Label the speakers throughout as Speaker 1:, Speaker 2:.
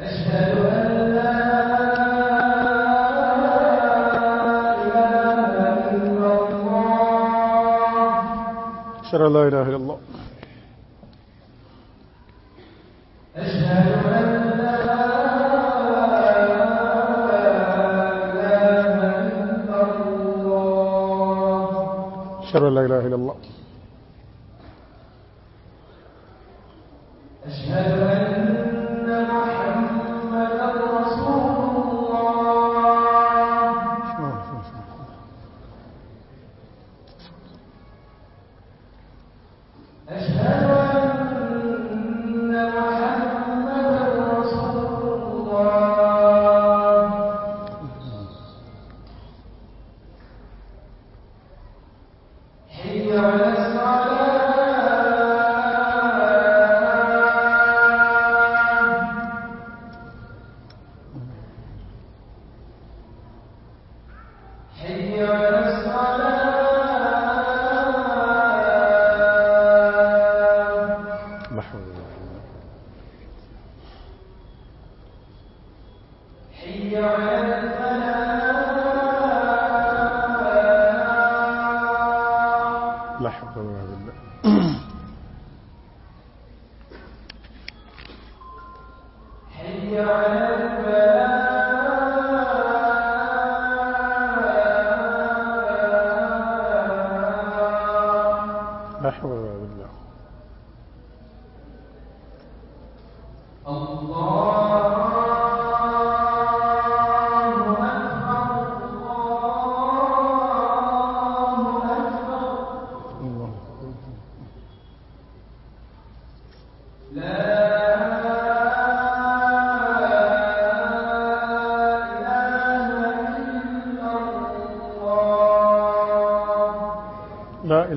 Speaker 1: أشهد أن لا إله إلا الله
Speaker 2: أشهد أن لا إله
Speaker 1: إلا الله أشهد أن لا إله إلا الله.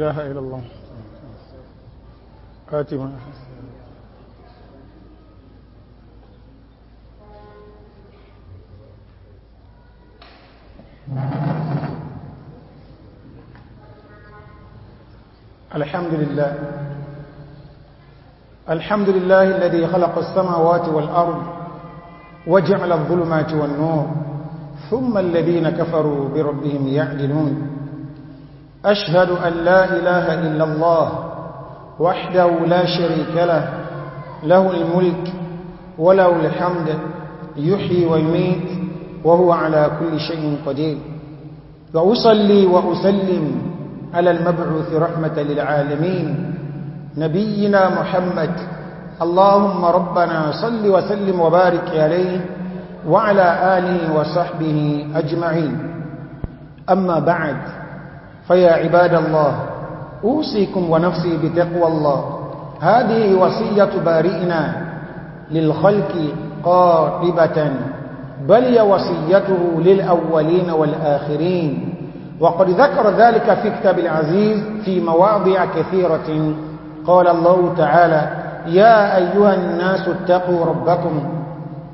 Speaker 1: إله إلا الله خاتمة الحمد لله الحمد لله الذي خلق السماوات والأرض وجعل الظلمات والنور ثم الذين كفروا بربهم يعدلون أشهد أن لا إله إلا الله وحده لا شريك له له الملك وله الحمد يحيي ويميت وهو على كل شيء قدير وأصلي وأسلم على المبعوث رحمة للعالمين نبينا محمد اللهم ربنا صل وسلم وبارك عليه وعلى آله وصحبه أجمعين أما بعد فيا عباد الله أوصيكم ونفسي بتقوى الله هذه وصية بارئنا للخلق قاطبة بل وصيته للأولين والآخرين وقد ذكر ذلك في كتاب العزيز في مواضع كثيرة قال الله تعالى يا أيها الناس اتقوا ربكم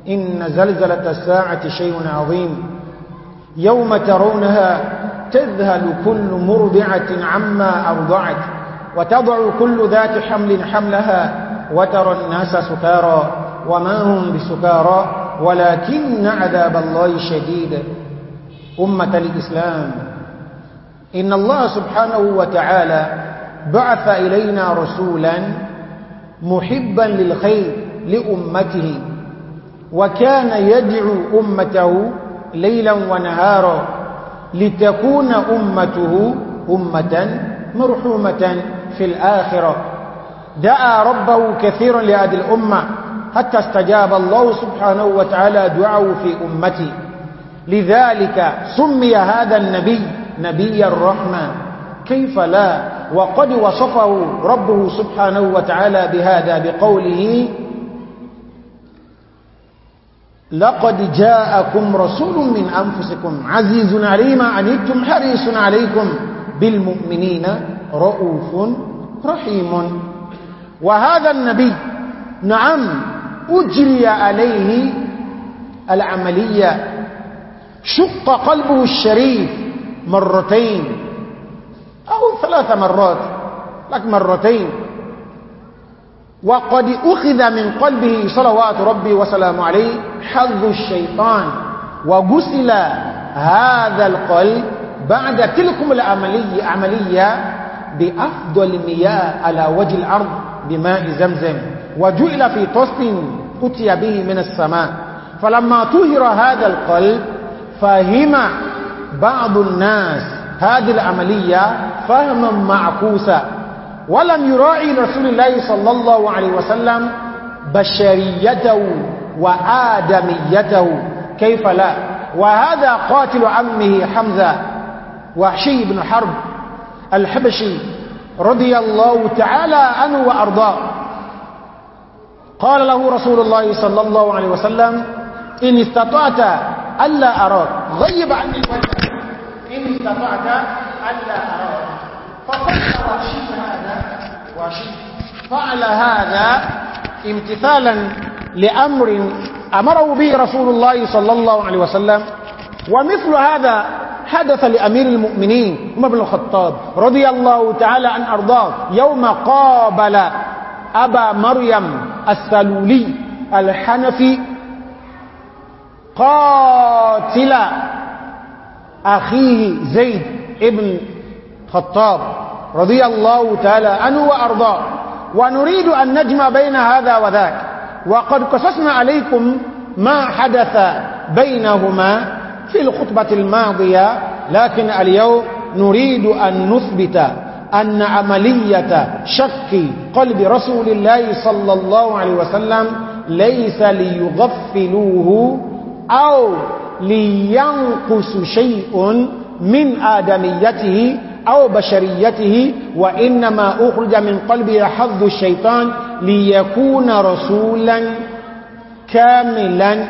Speaker 1: إن زلزلة الساعة شيء عظيم يوم ترونها تذهل كل مرضعة عما أرضعت وتضع كل ذات حمل حملها وترى الناس سكارى وما هم بسكارى ولكن عذاب الله شديد أمة الإسلام إن الله سبحانه وتعالى بعث إلينا رسولا محبا للخير لأمته وكان يدعو أمته ليلا ونهارا لتكون أمته أمة مرحومة في الآخرة دعا ربه كثيرا لهذه الأمة حتى استجاب الله سبحانه وتعالى دعاه في أمتي لذلك سمي هذا النبي نبي الرحمة كيف لا وقد وصفه ربه سبحانه وتعالى بهذا بقوله لقد جاءكم رسول من أنفسكم عزيز علي ما عنيتم حريص عليكم بالمؤمنين رؤوف رحيم وهذا النبي نعم أجري عليه العملية شق قلبه الشريف مرتين أو ثلاث مرات لك مرتين وقد أخذ من قلبه صلوات ربي وسلام عليه حظ الشيطان وغسل هذا القلب بعد تلكم العملية عملية بأفضل مياه على وجه الأرض بماء زمزم وجعل في طست أتي به من السماء فلما طهر هذا القلب فهم بعض الناس هذه العملية فهما معكوسا ولم يراعي رسول الله صلى الله عليه وسلم بشريته وآدميته كيف لا وهذا قاتل عمه حمزة وحشي بن حرب الحبشي رضي الله تعالى عنه وأرضاه قال له رسول الله صلى الله عليه وسلم إن استطعت ألا أراك غيب عني الوجه إن استطعت ألا أراك فقد رشيد هذا فعل هذا امتثالا لأمر أمره به رسول الله صلى الله عليه وسلم ومثل هذا حدث لأمير المؤمنين عمر بن الخطاب رضي الله تعالى عن أرضاه يوم قابل أبا مريم السلولي الحنفي قاتل أخيه زيد ابن خطاب رضي الله تعالى عنه وأرضاه ونريد أن نجمع بين هذا وذاك وقد قصصنا عليكم ما حدث بينهما في الخطبة الماضية لكن اليوم نريد أن نثبت أن عملية شك قلب رسول الله صلى الله عليه وسلم ليس ليغفلوه أو لينقص شيء من آدميته أو بشريته وإنما أخرج من قلبه حظ الشيطان ليكون رسولا كاملا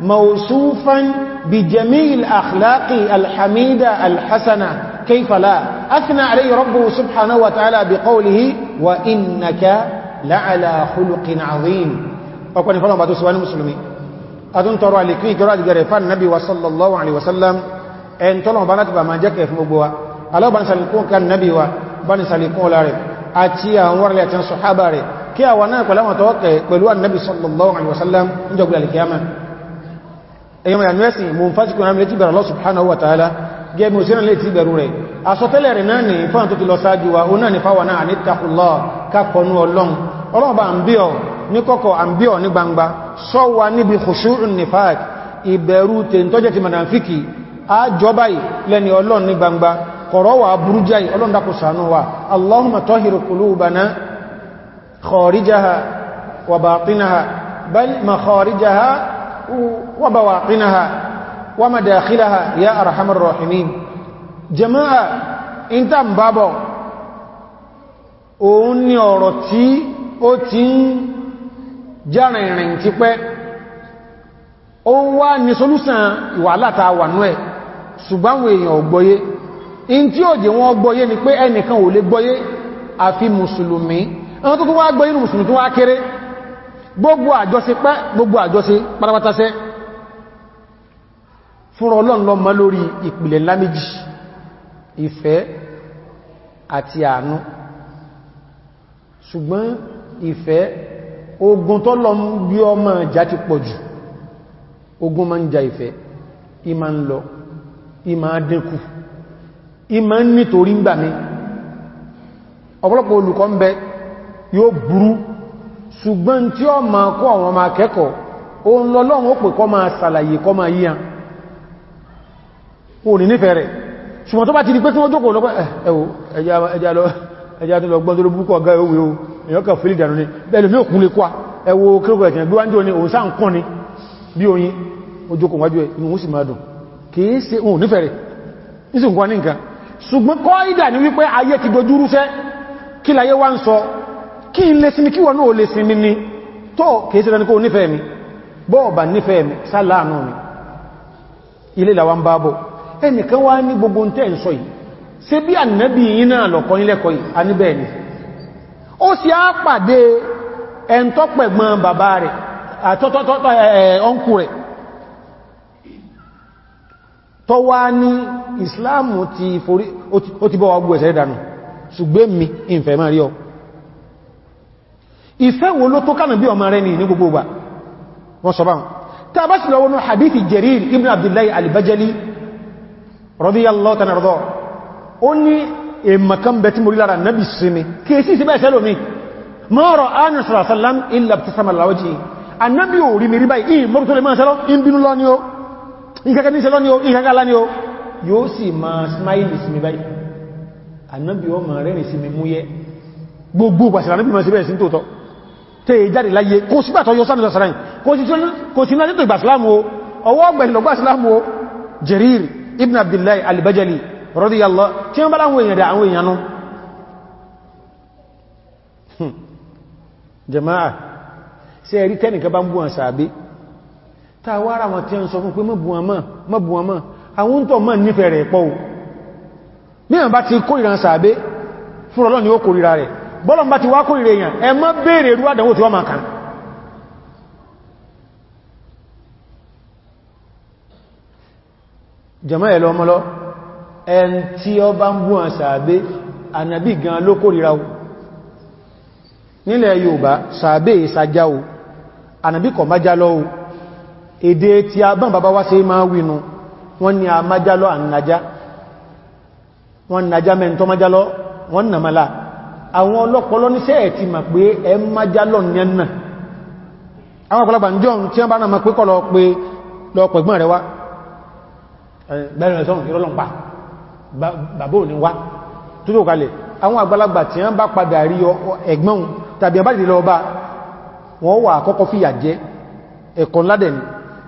Speaker 1: موصوفا بجميع الأخلاق الحميدة الحسنة كيف لا أثنى عليه ربه سبحانه وتعالى بقوله وإنك لعلى خلق عظيم أقول فلما بعد سبحانه المسلمين أدون ترى لكي قراءة جريفان النبي صلى الله عليه وسلم أن تلهم بنات بما جاك في alábánisalikún kan nábi wa bánisalikún ọlá rẹ̀ àti àwọn wárẹ̀lẹ̀ àti sọ̀hábà rẹ̀ kí àwọn náà pẹ̀lú àwọn tọ́wọ́kẹ̀ pẹ̀lú annabi sallallahu alaihi wasallam ń jọ gbìyànjú kìyàmá èyí mọ̀ yànúwẹ́sì mú fásitì kan lè ti bẹ̀rẹ̀ Allah subhanahu wa ta'ala gẹ́gbẹ̀ òsìnà lè ti bẹ̀rù rẹ̀ àsọtẹ́lẹ̀ rẹ̀ náà ni fún àtútù lọ sáájú wa ó náà ni fáwọn kọ̀rọ̀wà burújáì ọlọ́ndakù sànúwà allahumma tọ́hìrì kùlúbana kharijaha wa batinaha bal ma kharijaha wa bawatinaha wa madakhilaha ya arhamar rahimin jama'a in ta n bábọ̀ òun ni ọ̀rọ̀ tí ó ti ń járìnrìn ti pẹ́ ó wá ní solúsàn ìwà látàwà nú ẹ̀ ṣùgbọ́n èèyàn ògbóyé in tí ó jẹ wọn gbọ́yé ni pé ẹnìkan ò lè gbọ́yé àfi mùsùlùmí ẹni tó kún wá gbọ́yé ní mùsùlùmí tó wá kéré gbogbo àjọsí pẹ́ gbogbo àjọsí pátápátáṣẹ́ fúnra ọlọ́nlọ́ ma lórí ìpìlẹ̀ láméjì ìfẹ́ àti àánú ṣùgbọ́n ìfẹ́ ogun tó lọ bí ọmọ ìjà ti pọ̀ jù ogun ma ń ja ìfẹ́ ìmá ń lọ ìmá dínkù ìmọ̀ ń nítorí ń gbà ní ọ̀pọ̀lọpọ̀ olùkọ́ ń bẹ yóò burú ṣùgbọ́n tí ó ma àwọn ọmọ akẹ́kọ̀ọ́ o ń lọ lọ́run ó pè kọ́ ma sàlàyé kọ́ ma o ní nífẹ̀ẹ́ rẹ̀ ṣùgbọ́n tó bá ti di pé tí wọ́n jókòó eh, o èyàn kàn fílì dànù ní bẹ́ẹ̀lú ní òkun lè kwá ẹwọ kírókò ẹ̀tìyàn bí wá ń ni oyin ẹ̀ ṣùgbọ́n kọ́ ìdà ní wípé ayé ti dojúrúṣẹ́ kí láyé wá ń sọ kí n lè sinmi kí wọ́n náà lè sinmi ni tó kìí sí lẹ́nikó nífẹ̀ẹ́ mi bọ́ọ̀bà nífẹ̀ẹ́ mi sáláàánú mi ilé làwọn bábọ̀ ẹnìkan wá ní gbogbo tẹ́ ń sọ yìí ṣe bí ànẹ́bì tó wá ní ìsìláàmù ti forí ó ti bọ́ wa gbogbo ẹ̀sẹ̀ ìdànù ṣùgbọ́n mi ìfẹ́ máa rí ọ ìfẹ́ wo ló tó kánà bí ọmọ rẹ̀ ní ní gbogbo ìgbà wọ́n sọ báhùn tí a bá sì lọ́wọ́nú hadithi Jarir ibn Abdullahi al-Bajali radiyallahu ta'ala anhu ó ní èmàkan bẹ tí mo rí lára nábì sinmi ìkẹ́kẹ́ ní ṣẹlọ́ ni ó ìkẹ́kẹ́ lá ni ó yóò sì ma smile sí mi báyìí annabi ó ma rẹ́rìn sí mi múyẹ́ gbogbo pàṣẹlá níbi ma sí bẹ́ẹ̀ sí tóòtọ́ tẹ́ ìjáde láyé kó sígbà tó yọ sánúdà sàráyìn kò sí náà títò ìgbàsílámù o ọwọ́ ọgbẹ̀lọgbàsílámù o Jarir ibn Abdullahi al-Bajali radiyallahu tí tàwárà wọn tí a ń sọ fún pé mọ́bùnwọ́mọ́ àwọn tó mọ́ nífẹ̀ẹ́ rẹ̀ pọ̀ bí wọ́n bá ti kórìíra ń sàábé fún ni, ó kórìíra rẹ̀ bọ́lọ̀n bá ti wá kórìíra èèyàn ẹ má béèrè irú àdánwò tí wọ́n máa kàn jama ẹ̀lọ kọ̀ má já lọ́wọ́ èdè tí a bán bàbá wá sí máa wínú wọ́n ni a májálọ́ ànájá wọ́n nàjá mẹ́ntọ́ májálọ́ wọ́n nà mọ́lá àwọn ọlọ́pọ̀lọ́ níṣẹ́ ẹ̀ ti mà pé ẹ májálọ́ nẹ́nà àwọn ọ̀pọ̀lọpàá ń jọun tí wọ́n bá náà pé kọ́ lọ pé lọ́pẹ̀gbọ́n rẹ̀ wá bẹ̀rẹ̀ sọ́run ìrọ́lọ́pàá bàbá àgbàlagbà tí wọ́n bá padà rí ẹ̀gbọ́n tàbí àbájìlọ́ọba wọ́n wà àkọ́kọ́ fìyà jẹ ẹ̀kọ́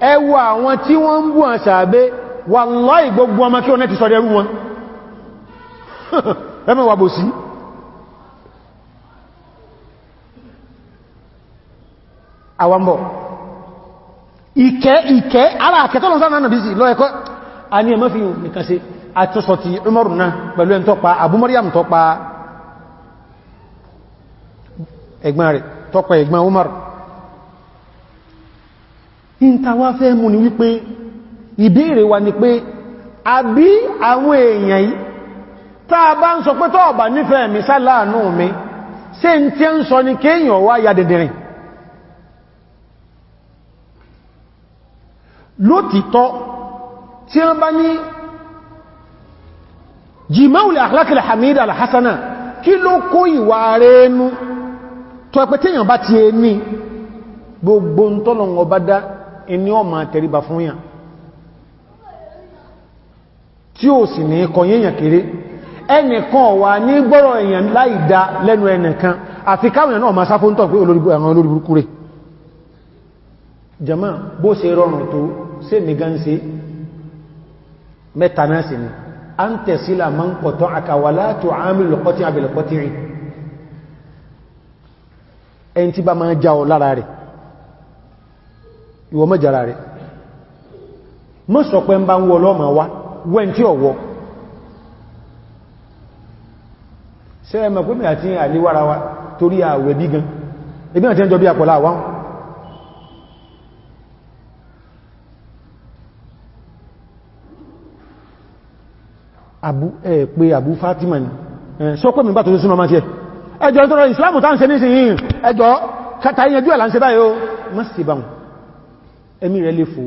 Speaker 1: ẹwà àwọn tí wọ́n ń bú àwọn sàábé wallahi gbogbo ọmọ kí ọ̀nà ti sọ dẹrú wọn ẹmọ wà bò sí àwọ̀mbọ̀ ìkẹ́ ìkẹ́ ara àkẹtọ́lọ́ sáà náà bí sí lọ ẹ̀kọ́ a ní ẹmọ́ fi nìkan sí àtúsọ ti Umaru náà pẹ̀lú ẹn tọ́pa Abu tọ́pa ẹgbọ́n rẹ̀ tọ́pa ẹgbọ́n Umaru ìntàwà fẹ́ mú ni wípé ìbéèrè wa ni pé àbí àwọn èèyàn yìí táa bá ń sọ pé tó ọ̀bà nífẹ̀ẹ́ mi sáláàánú mi ṣe ń tí ń sọ ni kéèyàn wá ya dẹ̀dẹ̀rìn lótìtọ́ tí wọ́n bá ní jìmáwùlẹ̀ àklákìlẹ̀ hamida alhassana kí ló kó ìwà rẹ̀ nú tó ẹpẹ́ tí èèyàn bá ti ẹni gbogbo ń tọ́lọ̀ ọba dá ẹni ọmọ tẹríba fún yàn tí ó sì ní ẹkọ̀ yẹ̀yàn kéré ẹnìkan wà ní gbọ́rọ̀ èèyàn láìdá lẹ́nu ẹnìkan àfi káwọn náà ma sáfó ń tọ̀ pé àwọn olóríburúkú rẹ̀ jama bó ṣe rọrùn tó ṣe ní gánṣe mẹ́ta náà sì ni a ń tẹ̀sílà ma ń kọ̀tọ́ àkàwàlá tó àmìlọ̀kọ́tí àbìlọ̀kọ́tí ìwọ mẹ́jàrà rẹ̀ mọ́ sọ pé ń bá ń wọ lọ́mà wá wẹ́n tí ọ̀wọ́ ṣe ẹmọ̀ pé mẹ́ àti àlewára wa torí àwẹ̀ bí gan ebí àti ẹjọ́ bí àpọ̀lá àwáhùn àbú Fatima ni sọ pé mi bá tọ́jú súnmọ́ máa ẹjọ́ ìtọ́rọ ìsìlámù táà ń ní sí yìí ẹjọ́ kátà ìyẹjú ẹ̀ ń ṣe báyìí ó mọ́ sí báwọn ẹ̀mí rẹ̀ lè fò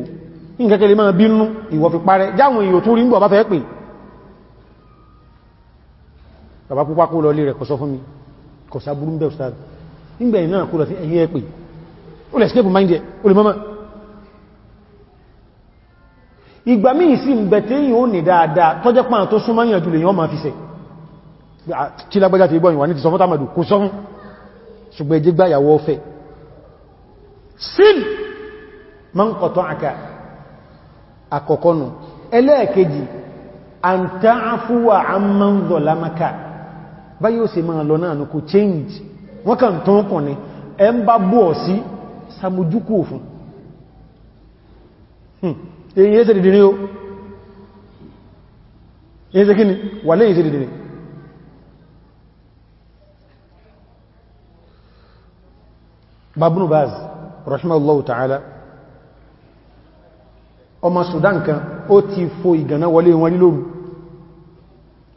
Speaker 1: ìkẹ́kẹ́lẹ̀ máa bínú ìwọ̀ fi parẹ́ jáwọn èèyàn tó rí ń bọ̀ bá fẹ́ pè bàbá púpá kó lọ lè rẹ̀ kọ̀sọ́ fún mi kọ̀sá burú bẹ̀ ustad nígbẹ̀yìn náà kó lọ sí ẹ̀yìn ẹ̀pẹ̀ ó lè escape mind ẹ̀ ó ṣùgbẹ́ jẹ́gbà ìyàwó ọfẹ́ sílì man qata'aka àkọ́kọ́nù ẹlẹ́ẹ̀kejì an ta'afuwa amman zalamaka bá yóò an máa lọ náà ní kò change wọ́n kàn tó ń kàn ẹ ń bá bú ọ̀ sí samójúkú òfin hmm. èyí yẹ́ ọmọ Sudan kan ó ti fo ìgànná wọlé wọn nílòrù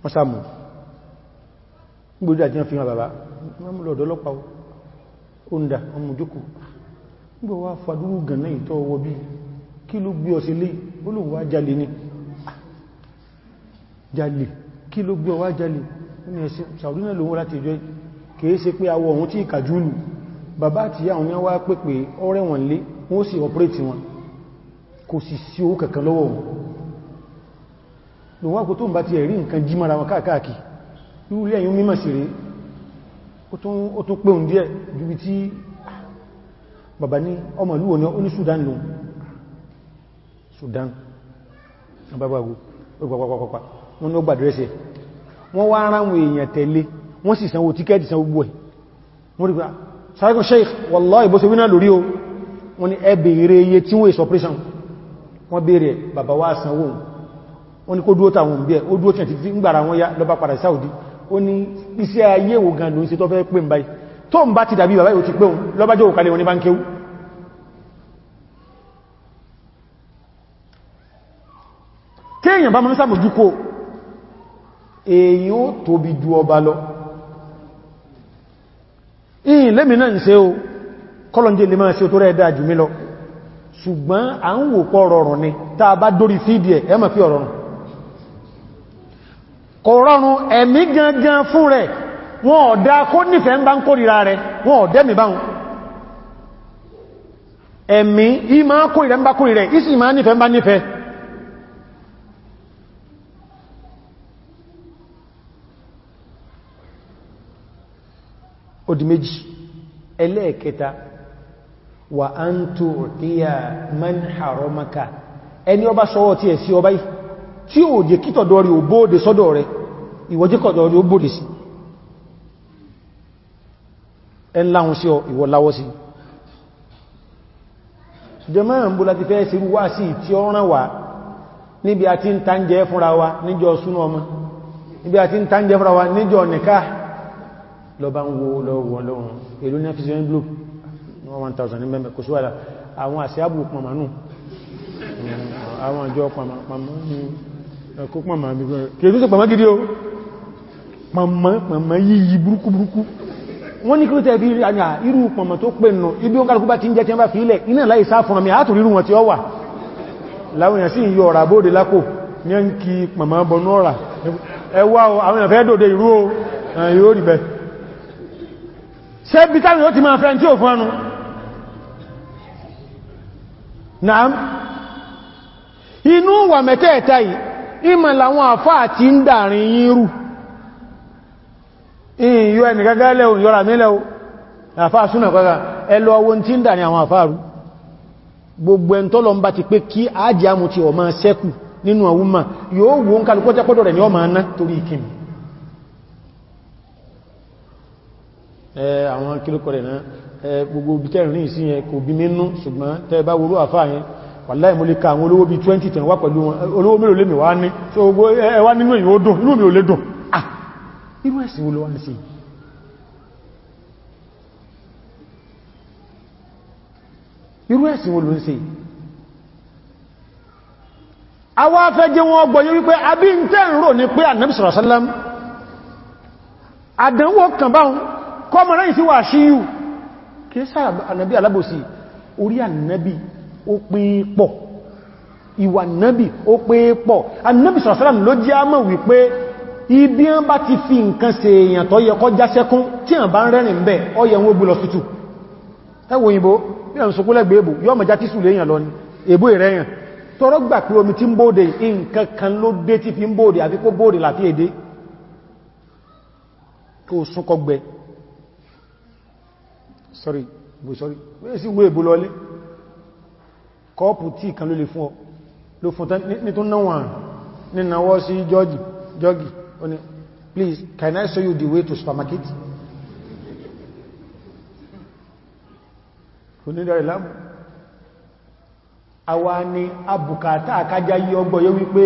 Speaker 1: wọ́n sàmù gbogbo àti wọ́n fi hàn bàbá wọ́n mú lọ́dọ̀ ọlọ́pàá oúnjẹ ọmọ òjòkó gbogbo wá fàdúrú gànná ìtọ́ ọwọ́ bí kí ló gbé ọsí lé olùwà jalè ní jalè kí ló gbé ọwá jalè ní ẹ̀sìn sàúrínà lòun láti ìjọ kìí ṣe pé awọ lé wọ́n sì ọpẹ́rẹ́tì wọn kò sì sí owó kankan lọ́wọ́ wọn lòun wákò tó ń bá ti ẹ̀rí nǹkan jí mara wọn káàkiri irú ilé ẹ̀yún mímọ̀ sí rẹ̀ ó tún pé òun díẹ̀ jùbi tí bàbá ní ọmọ ìlú òní oní Sudan lòun Sudan abábáwò pàpàpàpàpà wọn ni ó gbàdúrẹ́sẹ̀ wọ́n wá ara wọn ah, sheikh wallahi bó ṣe wí náà lórí o wọ́n bèèrè bàbá wá sanwó wọn ni kó dúó tàwọn bí ẹ̀ ó dúó tẹ̀tì ń gbàrà wọn yá lọ́bá padà Saudi ó ní iṣẹ́ ayé wo gan ló ń ṣe tó fẹ́ pè ń báyìí tó ń bá ti dàbí bàbá ìwò ti pé òun lọ́bá jẹ́ òkàlẹ̀ wọn ní bá ń kéwú ṣùgbọ́n à ń wò pọ̀ rọrùn ni a bá dórí fídí ẹ̀ ẹmọ̀ pí ọ̀rọ̀rùn kò rọrùn ẹ̀mí gangan fún rẹ̀ wọn ọ̀dá kó nífẹ̀ẹ́ ń bá ń kórìíra rẹ̀ wọn ọ̀dẹ́mì bá kórìíra ìsì wà á ń tó tíyà man haramaka ẹni ọba sọ́wọ́ tí ẹ̀ sí ọba yìí tí ó jẹ́ kítọ̀dọ̀ rí ó bóòdè sọ́dọ̀ rẹ̀ ìwọ̀jíkọ̀dọ̀ rí ó sí ẹn láhun sí ọ ìwọ̀ sí jẹmọ́ ìrìnbó láti fẹ́ wa níjọ súnú ọmọ níbi àti ń tánjẹ fúnra wa níjọ nìká lọ bá ń wo lọ́wọ́ lọ́wọ́ èlú ní àfisẹ́ 1000 ní mẹ́mẹ́ kò síwára àwọn àṣíábù pọ̀mọ̀nù àwọn àjọ pọ̀mọ̀ yìí burúkú burúkú wọ́n ní kí ó tẹ́ bí àyà irú pọ̀mọ̀ tó pè nù ibi ó ń kálùkú bá ti ń jẹ́ tí wọ́n bá fi ilẹ̀ iná láì sá fún ọmọ àátò rírù wọn tí ó wà láwọn èèyàn sí yọ ọ̀rà bóòdè lápò ní ń kí pọ̀mọ̀ bọnú ọ̀rà ẹwà àwọn èèyàn fẹ́ dòde ìrú o yóò rí bẹ́ẹ̀ ṣẹ́bí táwọn yóò ti máa fẹ́ tí ò fún ọnù Naam. Inú wà mẹ́tẹ̀ẹ̀ta yìí, ìmọ̀ làwọn àfáà ti ń dàrin yírù. Ìyọ ẹni gágá lẹ́o, yọra mi àfáà súnà kọ́gá, ẹlọ owó tí ń dàrin àwọn àfáà rú. Gbogbo ẹn tọ́lọ ti àwọn ọmọ gbogbo ibi tẹ́rin sí yẹn kò bí mínú ṣùgbọ́n tẹ́ bá worú àfá yẹn wàláì mo lè ka àwọn olówó bí 20 tẹ̀ wá pẹ̀lú wọn olówó mélòó lè mi wá ní tí ogbó ẹwà nínú èyí ó dùn inú mi ò lè dùn ah irú ẹ̀sìn olówó ń sí irú ẹ̀sìn olówó ń sí a wá fẹ́ jẹ́ wọn ọgbọ̀ yóò wípé abí ń tẹ́ ń rò ní pé ànábì sallallahu alaihi wasallam àdánwò kàn báhùn kọmọ náà sí wà síyù kéèsà ànàbí alábòsí orí ànàbí ó pé pọ̀ ìwà ànàbí ó pé pọ̀ ànàbí sọ̀rọ̀sọ́rọ̀ ló jẹ́ àmọ̀ wípé ibi án bá ti fi nǹkan ṣe èèyàn tó yẹ kọ́ jásẹ́kún tí àbá ń rẹ́rìn bẹ́ ọyẹ wọn gbùlọ tútù ẹwọ òyìnbó nílẹ̀ ìsọkúnlẹ̀gbẹ̀ èbò yọ́ mọ̀já tí sùlẹ̀ èèyàn lọ ní èbò ìrẹ́yàn tọ́rọ gbà pé omi tí ń bóòdè nǹkan kan ló dé tí fi ń bóòdè àfikó bóòdè láti èdè tó súnkọgbẹ̀ sorry bó sorry wọ́n sí wé ìbò lọlé kọ́ọ̀pù tí kan ló lè fún ọ ló fún tán ní tó náwà ní náwọ́ sí jọ́gì jọ́gì oní please can I show you the way to supermarket onídàrí láàmù àwa ni abùkátà àkájá yí ọgbọ̀ yóò wípé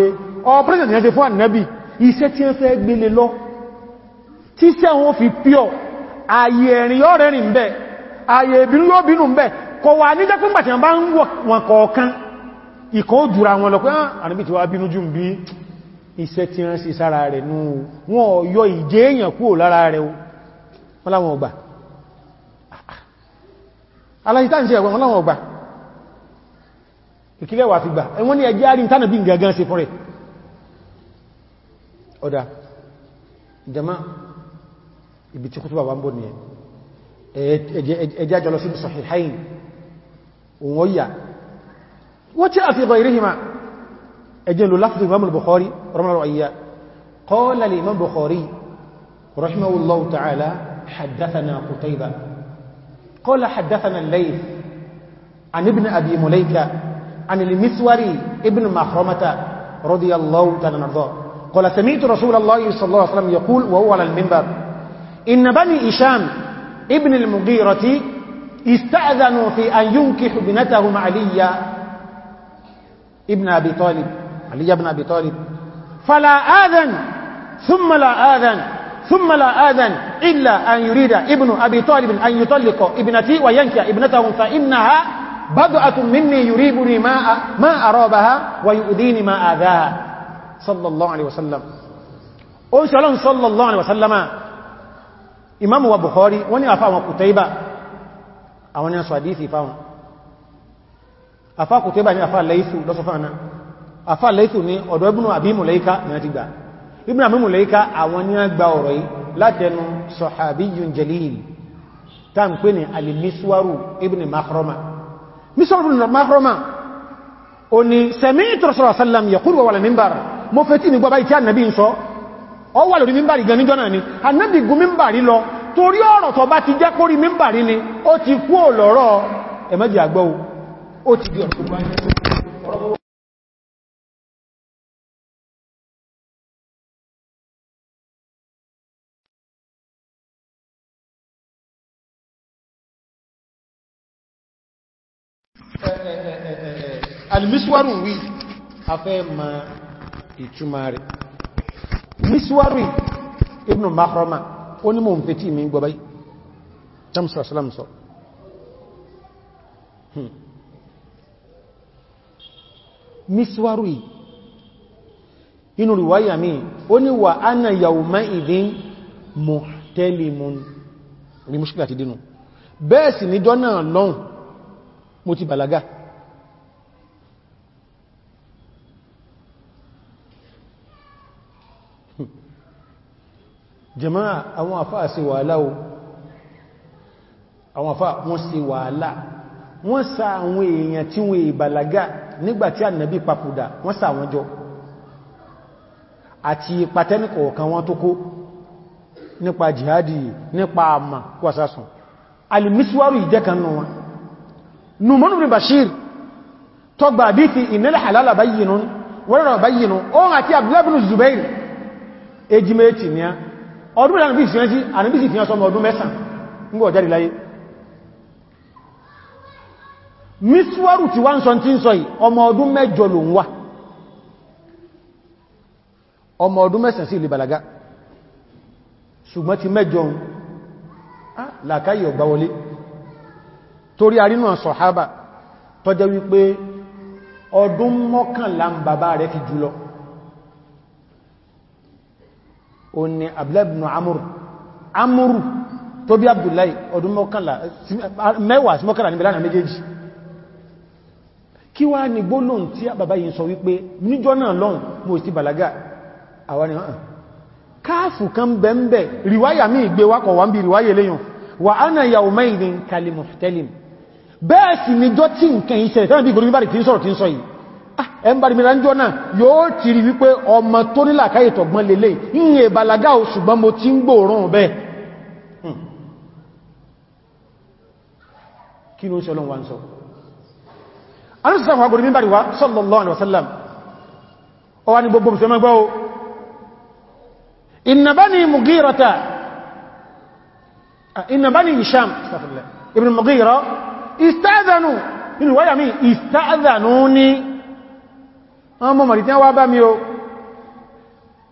Speaker 1: ọ president yẹn ti fún ànábì iṣẹ́ tí ó fẹ́ gbélé lọ tí sí àwọn fi pure ààyè ẹ̀rin yọ́ rẹ̀rin bẹ́ẹ̀ ààyè ìbínú yóò bínú ń bẹ̀ kọ wà ní jẹ́kún gbàtí wọn bá ń wọn kọ̀ọ̀kan ìkọ́ òjúra wọn lọ pé ah, àníbí ti wá bínú jù ń bí iṣẹ́ tí wọ́n sí sára rẹ̀ nú wọn yọ ìjẹ́ èèyàn kúrò lára rẹ̀ wọn láwọn ọgbà aláyítà ń ṣe ní ẹjẹ́ ẹjájọ lọ sí Sahihayn òun ọ̀yà wọ́n tí a fi ghayrihima ẹjẹ́ lò láfíì Imam Bukhari rọmọrọ ayyá qala al-Imam Bukhari rahimahullahu ta'ala haddathana Qutayba qala haddathana al-Layth an ibn Abi Mulaika an al-Miswari ibn Makhramata radiyallahu ta'ala anhu qala sami'tu Rasulallahi sallallahu alaihi wasallam yaqul wa huwa ala al-minbar inna bani Hisham ابن المغيرة استأذنوا في أن ينكح ابنتهم علي ابن أبي طالب علي ابن أبي طالب فلا آذن ثم لا آذن ثم لا آذن إلا أن يريد ابن أبي طالب أن يطلق ابنتي وينكح ابنتهم فإنها بدعة مني يريبني ما, ما أرابها ويؤذيني ما آذاها صلى الله عليه وسلم أنشأ صلى الله عليه وسلم imamu wa bukhari wọ́n ní àfá àwọn kùtẹ́ibà àwọn ní àṣàdífì fáwọn àfá kùtẹ́ibà ní àfá laifu lọ́sọ̀fánà àfá laifu ní ọ̀dọ̀ ibùnú àbímùlẹ́ika ní a ti gbà ibùnú àbímùlẹ́ika àwọn ní a gba ọ̀rọ̀ yìí látẹnu sọ̀hábíyùn jalil tá ń pè ní alimiswaru ibn makroma miswaru ibn makroma ó ní sami'tu rasulullah sallam yaqulu wa wala minbar mo fetí ni gbọ́bá ọ wà lórí mímbàrí gan níjọ́ náà ni anábì gun mímbàrí lọ torí ọ̀rọ̀ tó bá ti jẹ́ kórí mímbàrí ni ó ti kú ò lọ́rọ̀ ẹ̀mẹ́jì àgbọ́ ó ti di ọ̀rọ̀ alìmísíwárùn wí afẹ́ ma ìtumà rẹ̀ miswari ibn mahrama ó ní mo ń fetí mi gbọ́ báyìí jamsa salam sọ hmm. miswari inú riwaya mi ó ní wà ana yawma idin muhtalimun ni mushkila ti dínú bẹ́ẹ̀ sì ní jọ náà mo ti bàlágà jama'a àwọn àfáà ṣe wàhálà o àwọn àfáà wọ́n ṣe wàhálà wọ́n sa àwọn èèyàn tí wọ́n ìbàlágà nígbàtí ànàbí papòdà wọ́n sa àwọn jọ àti patẹ́nìkọ̀ ọ̀kan wọn tó kó nípa jihadi nípa àmà kwasásùn alimiswaru ìjẹ́kanú wọn numanu bin bashir tọgbà àdíti ìnẹ́lẹ̀ halala bayyinun wọ́n ejimeti ni a ọdún mẹ́ta níbi ìfihàn sí àníbí sì fihàn sọmọ ọdún mẹ́sàn nígbọ̀ jáde láyé miswaru ti wá ń sọ tí ń sọ yìí ọmọ ọdún mẹ́jọ ló ń wà ọmọ ọdún mẹ́sàn sí ilé balaga ṣùgbọ́n ti mẹ́jọ ohun làkáyì ọgbà wọlé torí arínú sọ̀hábà tọ́jẹ́ wípé ọdún mọ́kànlá bàbá rẹ̀ fi jùlọ ó ní Abdullahi ibn Amr Amr tó bí Abdullahi ọdún mọ́kànlá mẹ́wàá sí mọ́kànlá níbi lánàá méjèèjì kí wá ní gbólóhùn tí bàbá yìí sọ wípé níjọ́ náà lọ́hùn mo sì bàlágà àwọn ìhàn káàfù kan bẹ̀m̀bẹ̀ ríwáyà mí ìgbé wákọ̀ wà ń bí ríwáyà léyàn wà á na yàwó mẹ́rin kalimuftelim bẹ́ẹ̀ sì níjọ́ tí nǹkan iṣẹ́ ìfẹ́ bí gbogbo bá rí tí ń sọ̀rọ̀ tí ń sọ yìí Ah, ẹmbàrí mìíràn ń jọ náà yóò ti rí wípé ọmọ tó nílà káyètọ̀ gbọ́n lélẹ̀ yìí ìbàlágá ò ṣùgbọ́n mo ti ń gbòòrùn bẹ́ẹ̀ hmm. kí ló ń ṣe ọlọ́run wa ń sọ anúṣìṣẹ́ àgbòrí mìíràn ni wọ́n mọ̀ mọ̀rí tí wọ́n wá bá mi o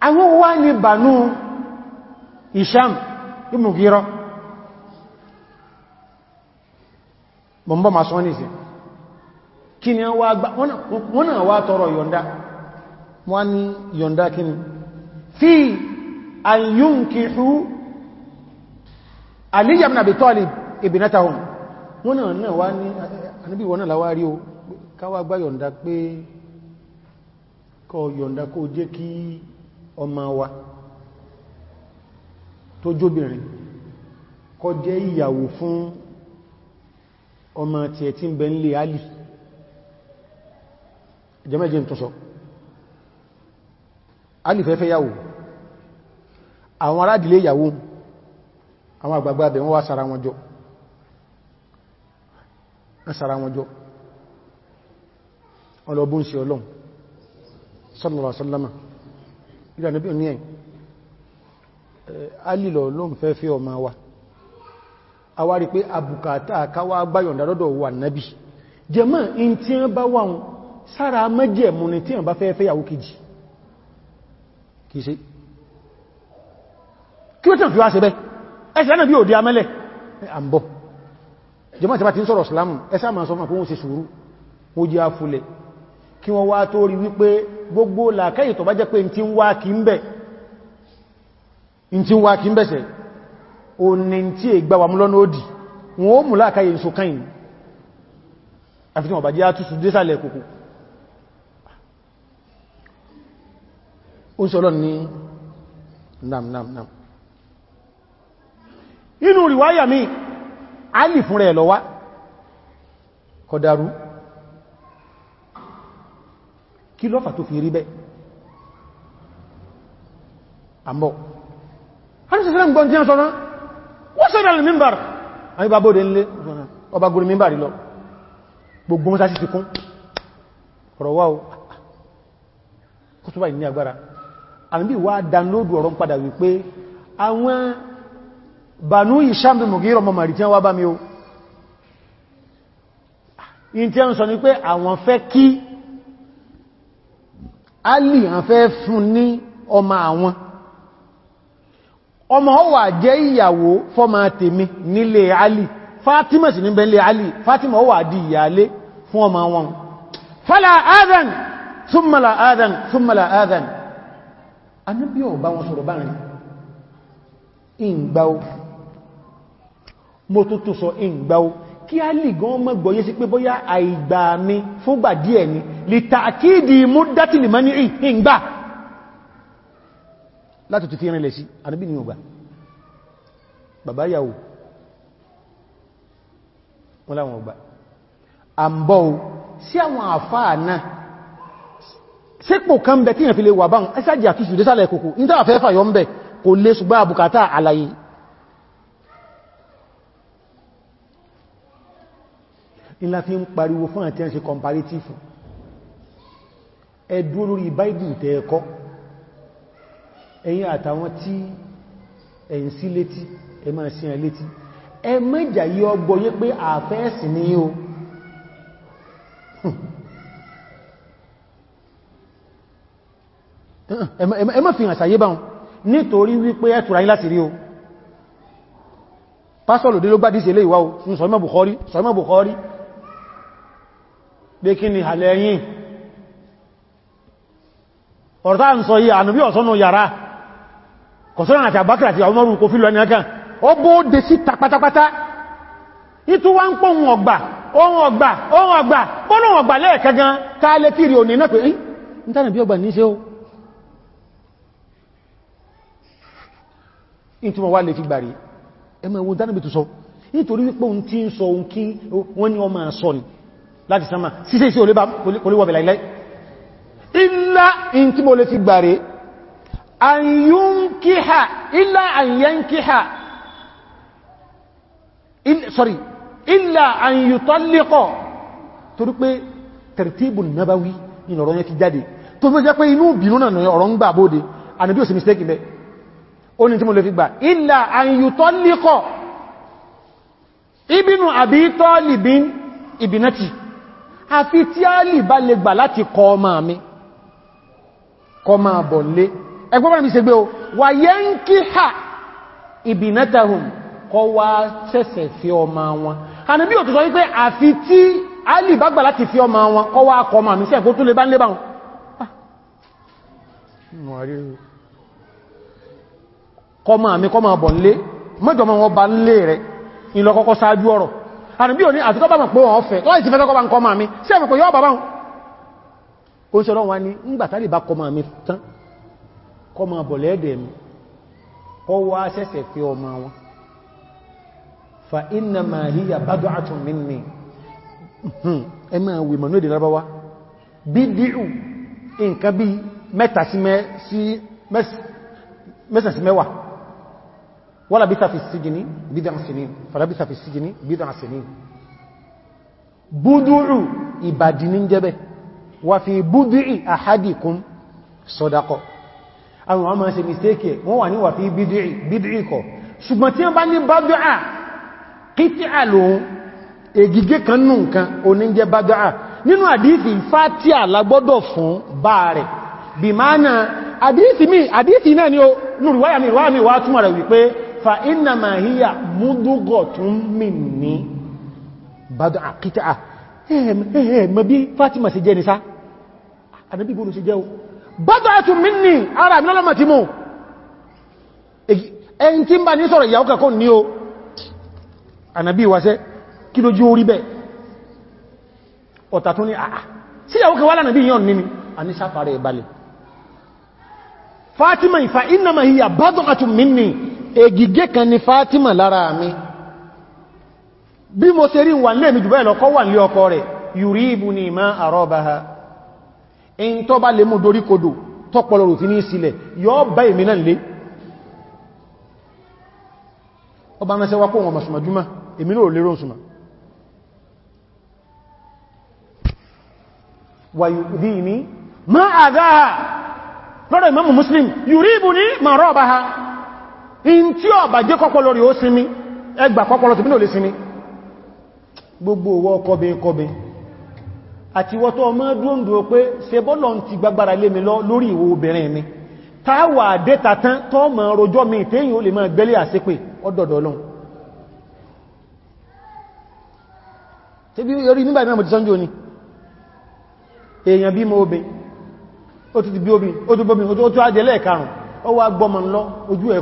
Speaker 1: àwọn wá ní bànú ìṣàm ìmù gírọ́ bọ̀m̀bọ̀ ma sọ nìsí kí ni wọ́n náà wá tọrọ yọ̀ndá wọ́n ní yọ̀ndá kí ni fi ayyúnkìhú aliyya ibn abi talib ibnatahum wọ́n náà wá ní àníbí wọ́n náà láwárí o kọ yọ̀nda kó jẹ́ kí ọmọ wa tó jóbìnrin kọ jẹ́ ìyàwó fún ọmọ tí ẹ̀ tí ń bẹ nílé alì jẹ́mẹ́jẹ́ tó sọ alì fẹ́fẹ́ yàwó àwọn aládìlé ìyàwó àwọn àgbàgbà abẹ̀ wọ́n wá sára wọn jọ ọlọ́bùn sí ọlọ́run sallallahu alaihi wasallam ìrìn àníbí ní ẹ̀yìn alìlọ ló ń fẹ́ fẹ́ ọmọ wa a wá rí pé àbùkátà káwà gbáyọ̀ndà lọ́dọ̀ wà nábi jẹmọ́ in tí wọ́n bá wà wọn sára mẹ́jẹ̀mú ni tí wọ́n bá fẹ́ fẹ́ yàwó kejì kìí ṣe kí ó tàn fi kí wọ́n wá tó rí wípé gbogbo làkáyì tó bá jẹ́ pé tí ń wá kí ń bẹ̀ṣẹ̀ o ní tí è gbà wà mú lọ́nà òdì wọ́n ó mú làkáyì ń wọ́n ó sọ́lọ́ ní nam nam nam inú ríwáyà mi alì fúnra ẹ̀ kí lọ́fà tó fi rí bẹ́ àmọ́ alìsẹ̀sẹ̀lẹ̀ gbọ́n tí a sọ́nà wọ́n sẹ́rẹ̀ alì mímbàr àyí bá bóde nlé ọba gúrí mímbàr lọ gbogbo wọn sáti ti kún ọ̀rọ̀wá o kútúbà ní agbára àmì wá dánlódù ọ̀rọ̀ padà wípé tí a ń sọ ní pé àwọn fẹ́ kí alì hàn fẹ́ fún ní ọmọ àwọn ọmọ ọwà jẹ́ ìyàwó fọ́mà tèmi nílé alì fatima sì níbẹ̀ nílé alì fatima ọwà di ìyàlé fún ọmọ wọn fọ́lá adhan súnmọ̀lá adhan súnmọ̀lá adhan anábí ọba wọn sọ̀rọ̀ báyìí ìgbáwó mo tó tó sọ ìgbáwó kí a lè gan mọ́ gbọ́yé sí pé bóyá àìgbà mi fúngbà díẹ̀ ni lè tààkìdì mú dátì lè mọ́ ní ìgbà láti tó fi rìnlẹ̀ sí ànábì ní ọgbà bàbá yàwó wọ́n láwọn ọgbà àmbọ́ sí àwọn àfáà náà sípò kan bẹ̀ tí ìrìnfilé wà báhùn ẹsẹ́ àjẹ́ àtúnṣù désàlẹ̀ kòkó ní tàbí àfẹ́fà yọ ń bẹ̀ kò lè ṣùgbọ́n àbùkátà àlàyé ńlá fi ń pariwo fún àti ẹnṣe comparative ẹ̀dú olórí báìbù tẹ́ẹ̀kọ́ ẹ̀yin àtàwọn tí ẹ̀yìn sí létí ẹ máa sí ẹ̀ létí ẹ mẹ́jà yí ọgbọ́ yé pé àfẹ́ẹ̀sì ní o ẹ má fi hàn sàyé báhùn nítorí wípé ẹ̀tùra yí láti rí o pásọ̀lòdé ló gbádìí sí ilé ìwá o sọ́mọ̀ Bukhari pé kí ni àlẹ́ yìí ọ̀rọ̀ta ń sọ yìí ànàbí ọ̀sọ́nà yàrá kọ̀sọ́nà àti àbákìrà àti àwọn ọmọrùn kò fílọ ẹnìyàn ó bóóde sí tapatapata ìtú wá ń pọ̀ ohun ọgbà ohun ọgbà nítorí wípé ohun tí ń sọ ohun kí wọ́n láti sánmà síse sí olíwọ̀bẹ̀ láìláì ilá in tí mo lè fi gbàrẹ̀ àyúnkíhà ilá àyánkíhà sorry ilá àyútọ́lẹ́kọ̀ torí pé tẹ̀rẹ̀tíbù nábáwí nínú ọ̀rọ̀ yẹn ti jáde tó fẹ́ jẹ́ pé inú bìnú náà ọ̀rọ̀ ń gbà bóde ànàbí ò sí mistake mẹ́ ó ní tí mo lè fi gbà ilá àfi tí a lè bá lè gbà láti kọ ọmọ mi kọ ma bọ̀ lé ẹgbọ́n mi ṣe gbé o wà yẹ́ ń kí ha ìbìnátàhùn kọ wá sẹ́sẹ̀ fi ọmọ wọn àni bí òtùsọ wípé àfi tí a lè bá gbà láti fi ọmọ wọn kọ wá kọ ma ah. mi kọ ìlọ́kọ́kọ́ sáájú ọ̀rọ̀ àrùn bí o ní àtúkọ́ bá mọ̀ pé wọ́n fẹ́ láì ti fẹ́ tọ́kọ́ bá ń kọ́ máa mi sí ẹ̀mọ̀ pé yọ́ bàbá hùn ó ṣe ọlọ́run wá ní ńgbàtàrí bá kọ́ máa mi tán kọ́ máa bọ̀ lẹ́ẹ̀dẹ̀ mi kọ́ wá sẹ́sẹ̀ fi ọmọ wọn fa inna hmm, máa wè mọ̀ lóde lábáwá sí mẹ́wàá ولبث في السجن بضع سنين فلبث في السجن بضع سنين بدع إبادين جبه وفي بدع أحدكم صدقه àwọn ọmọ ṣe mistake wọ́n wà ní wà fi bídìí kọ̀ ṣùgbọ́n tí wọ́n bá ní bádọ́à kìtìà lòun ègigé kan nù nǹkan oníjẹ́ bádọ́à nínú àdíìsì fàtíà lagbọ́dọ̀ fún bá rẹ̀ bí máa na àdíìsì mi àdíìsì náà ni ó nùrùwáyà mi wá mi wá túnmọ̀ rẹ̀ wípé fa inna ma hiya mudugotun minni badu akita ah, eh, eh, eh ma bi fatima ṣe jẹ́ ni sa anabi bo ṣe jẹ́ o badu atun minni ara mi lọ́lọ́mà tí mú ẹn tí ń bá ní sọ̀rọ̀ ìyàwó kẹ́kọ́ ní o anabi wáṣẹ́ kí ló jí orí bẹ́ ọ̀tà tún ah, ah, ní àà sí fatima ìfà inna ma hiya badu ègìgé kan ni fatima lára mi bí mo ṣe rí wà ní èmì jùbẹ́ wà ní ọkọ rẹ̀ yùrí ibu ni ìmá àrọ́bà ha in tó bá lè mú dorí kodò tọ́pọ̀lọ̀rù fi ní sílẹ̀ yọ́ bá èmì náà lé ọba mẹ́sẹ́ wá in tí ó bá jẹ́ kọ́pọ̀lọ́ rí ó sinmi ẹgbà kọ́pọ̀lọ́ tìbínà lè sinmi gbogbo owó ọkọ̀bìn kọbìn àti wọ́tọ́ ọmọ dúndú pé ṣe bọ́lọ̀ ti gbagbara lé mi lọ lórí ìwò obìnrin mi táwà dẹ́ta tán tọ́ mọ̀ rojọ́ ó ti ni èèyàn bí mo obìn ó ti bí obìn ó ti bóbin ó tó á ún ó wá gbọ́mọ̀ lọ ojú ẹ̀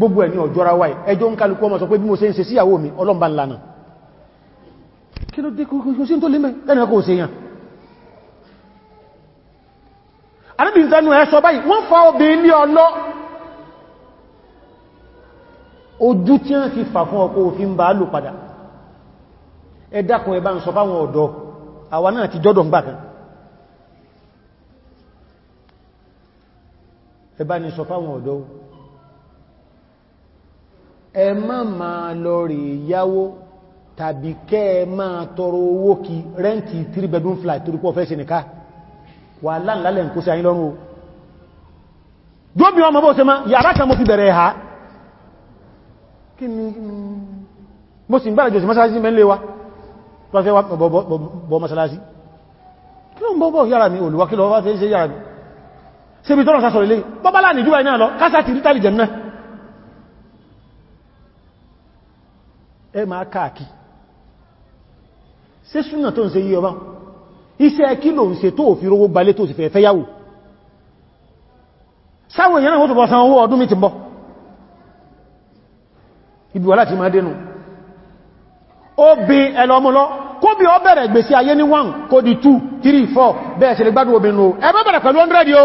Speaker 1: gbogbo ẹni ọjọ́ra wáyé ẹjọ́ ń kálukú ọmọ sọ pé bí mo ṣe ń ṣe sí ìyàwó mi ọlọ́mbà ńlànà kí ló dé kò sí tó lé mẹ́ ẹni ọkọ̀ òṣèyàn anábì ìtẹnu ẹ sọ báyìí wọ́n fa obìnrin ní ọlọ́ ojú tí wọ́n fi sọ fáwọn ọ̀dọ́ ẹ má ma lọ rí yáwó tàbí kẹ́ ẹ má tọrọ owó kí rẹ́ǹtì 3 bedroom flat torí pọ̀ fẹ́ ṣe nìká wà láàrínlẹ̀ kó sí ayínlọ́rún o jóbi ọmọ bó ṣe má yàrá kan mo fi bẹ̀rẹ̀ ẹ̀há kí ni mo sì ń bára jòsì mọ́sálásí mẹ́lẹ̀ wa tó fẹ́ wá bọ́ mọ́sálásí ẹ máa káàkì ṣe súnà tó ń ṣe yí ọba iṣẹ́ kí ló ń ṣe tó fi rówó gbalé tó sì fẹ́ fẹ́yàwó sáwọn èèyàn náà wọ́n tó bọ́ san owó ọdún mi ti bọ́ ibi wà láti máa dénú ó bí ẹlọmọlọ kó bí ọ bẹ̀rẹ̀ gbèsè ayé ní 1 kó di 2 3 4 bẹ́ẹ̀ ṣe lè gbádùn obìnrin o ẹ bá bẹ̀rẹ̀ pẹ̀lú 100 o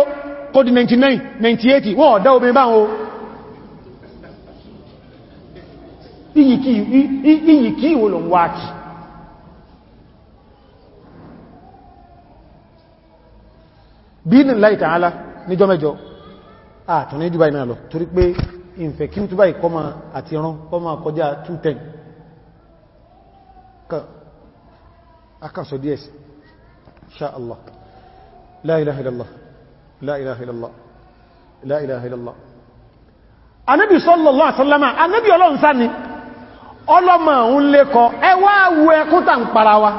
Speaker 1: kó 99 98 wọ́n ọ̀dá obìnrin báwọn iyì kí ìwò lọ wáàkì bí ní láì tààlá níjọ́ mẹ́jọ àtún ní dubai náà lọ torí pé ìfẹ́ kí dubai kọmọ àti rán kọmọ kọjá 210 akásọ̀ díẹ̀ sí ṣá Allah la ilaha illallah la ilaha illallah la ilaha illallah anabi sallallahu alaihi wasallama anabi ọlọ́run sáni ọlọ́mọ òun lékọ ẹwà wo ẹkúta ń para wa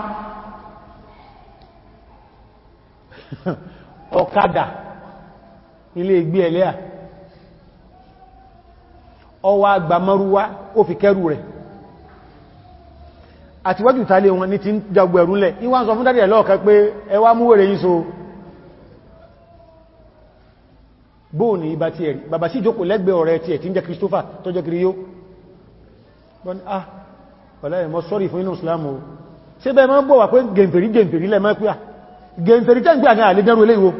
Speaker 1: ọ̀kadà ilé ìgbé ẹlẹ́à ọwà agbàmọ́rúwá ó fi kẹrù rẹ̀ àti wájú tàílé wọn ní ti ń jagbò ẹ̀rún lẹ̀ sọ fún pé ẹwà múwẹ̀rẹ̀ yìí so bóò ní ibà tí ẹ̀rí bàbá sí ìjókòó lẹ́gbẹ̀ẹ́ ọ̀rẹ́ tí ẹ̀ ń jẹ́ Christopher wọ́n ah ọ̀lẹ́yìn mọ́ sọ́rì fún inú islamu ṣe bẹ́ẹ̀ máa ń bọ̀ wà pé gẹ̀ǹfèrí gẹ̀ǹfèrí lẹ́mọ́ pé ah, gẹ̀ǹfèrí tẹ́ ń pè àgbà àlẹ́gẹ́rù ilé ìwò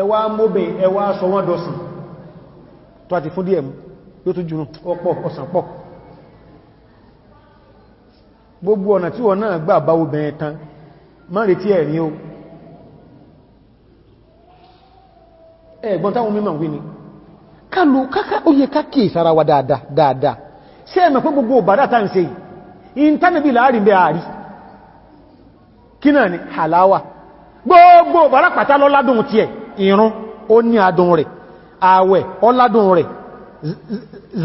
Speaker 1: ẹwà mọ́bẹ̀ ẹwà sọ wọ́n dọ̀sìn tó àti fún díẹ̀mù yóò tó jùrù ọpọ̀ ọ̀sàn pọ̀ gbogbo ọ̀nà tí wọ́n náà gbà bá obìnrin tán má retí ẹ̀rin o ẹ̀gbọ́n táwọn mímọ̀ wí ni kálù káká ó yẹ káàkì ìsára wa dáadáa sí ẹ̀mẹ̀ fún gbogbo ọ̀bàdá tàà ń ṣe yìí láàrin bẹ ààrí kí náà ni halawa gbogbo ọ̀bàdá pàtà lọ́ládùn tí ẹ̀ ìrun ó ní adùn rẹ̀ ààwẹ̀ ọládùn rẹ̀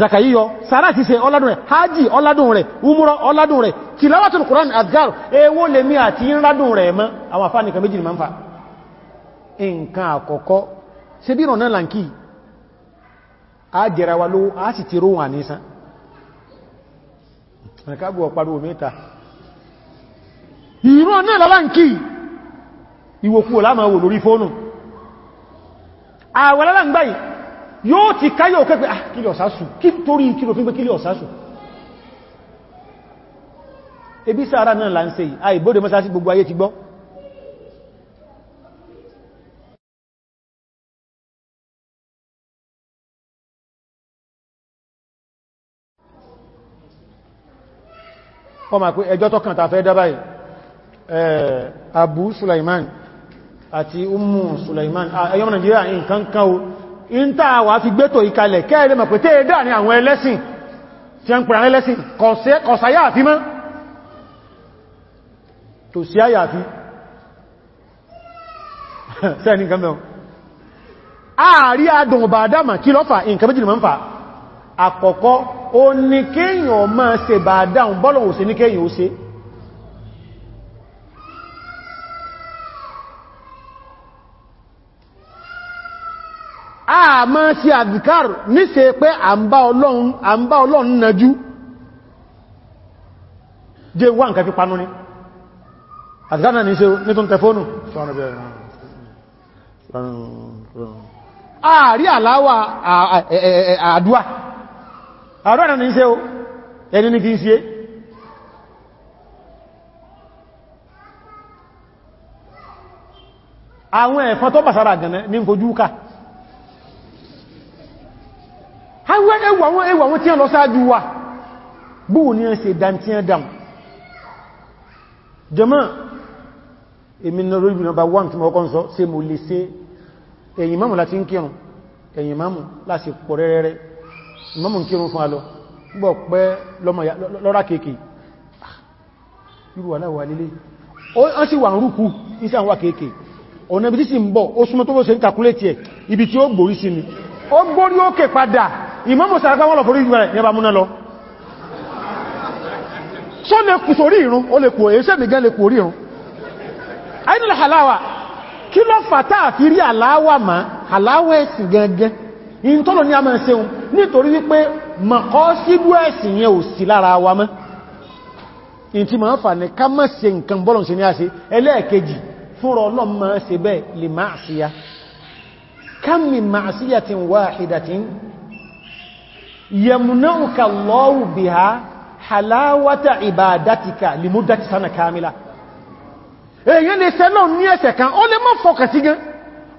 Speaker 1: zakayiyọ sàrá ti ṣe ọládùn rẹ̀ hajji ọládùn rẹ̀ umura ọládùn rẹ̀ tilawatul Qur'an azgar ewó lè mí àti ìrádùn rẹ̀ mọ́ àwọn afánikan méjì ni ma ń fa nǹkan àkọ́kọ́ ṣe bí ìrọ̀nà lankí a jẹra wa lówó a sì ti róhun àníṣán àkágbò ọ̀pàdó mẹ́ta ìran náà lọ́lá ń kí ìwòkú ọlámà wò lórí fóònù àwọn ń gbáyì yóò ti káyọ̀ òkè pé ah kílẹ̀ ọ̀sásù kí torí kílò fín pé kílẹ̀ ọ̀sásù ebí sára náà là ń ṣe yìí àìbóde mọ́sásí gbogbo ayé ti gbọ́ ọmọ pé ẹjọ́ tọ́kàn tàfẹ́ dábáyì Abu Sulaiman àti umu Sulaiman ẹyọ́mọ̀ Nàìjíríà nǹkan kan o in ta wà fi gbétò ìkalẹ̀ kẹ́ẹ̀lẹ́ mọ̀ pé tí èdà ní àwọn ẹlẹ́sìn tí a ń pèrè àwọn ẹlẹ́sìn kọ̀sáyà àfi mọ́ tò sí àyà àfi sẹ́ni nǹkan mẹ́wọ́n ààrí adùn bàdámà kí lọ́fà nǹkan méjìlì mọ́ ń fà àkọ́kọ́ o ní kéèyàn máa ṣe bá dáun bọ́lọ̀ ò sí ní kéèyàn ó ṣe a máa ṣe àdìkár níṣe pé à ń bá ọlọ́run nájú jẹ́ wà nǹkan fi panú ní àdìkár náà ní ṣe ní tó tẹfónù ààrí àláwà àdúwà àrọ́ ẹ̀nà ní ṣe o ẹni ní kí ń ṣe àwọn ẹ̀fọ́ tó bàsára gẹ̀nẹ́ ní fojú ká àwọn ẹwà wọn ẹwà wọn tí a lọ sáájú wa búù ní ẹ̀ṣẹ̀ dantíẹ̀ dam jẹmọ́ èmi náà lórí number one ẹ̀yìn mámù láti ń kírùn ẹ̀yìn mámù láti pọ̀ rẹ̀rẹ̀rẹ̀ mọ́mù ń kírun fún alọ́ gbọ́ pẹ́ lọ́rá kéèkèé ah, irúwà náà wà nílé ó sì wà ń rúkú ìsẹ́ àwọn kéèkèé ọ̀nà ibi tí sì ń bọ̀ ó súnmọ́ tó bó ṣe ń ẹ̀ ibi tí ó gbórí sí ni ó gbórí òkè padà ìmọ́mù sàrápá lọ in tọ́lọ ní a máa ṣeun nítorí wípé mọ̀kọ́ síbú ẹ̀sìn yẹn ò sí lára wa mọ́ in ti máa fà ní ká mọ́ ṣe nǹkan bọ́lọ̀ ṣe ní àṣẹ ẹlẹ́ẹ̀kejì fúnra Ọlọ́run máa ṣe bẹ́ẹ̀ lè máa síyá kam min ma'siyatin wahidatin yamna'uka Allahu biha